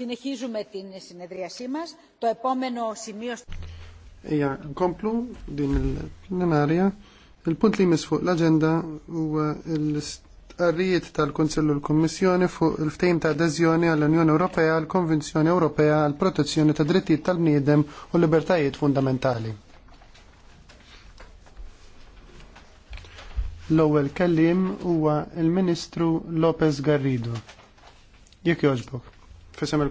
Συνεχίζουμε την συνεδρίασή μα. Το επόμενο σημείο... Για nkomplu din il-plenarja. Il-punt li jmiss fuq l-agenda huwa l-istqarrijiet tal u l-Kommissjoni fuq il-ftejm ta' adeżjoni għall-Unjoni Ewropea għall konvenzjoni Ewropea għall protezzjoni ta' drittijiet tal-bniedem u libertajiet fundamentali. L-ewwel kellim huwa il-Ministru Lopez Garrido. Jekk jogħġbok. Fisem il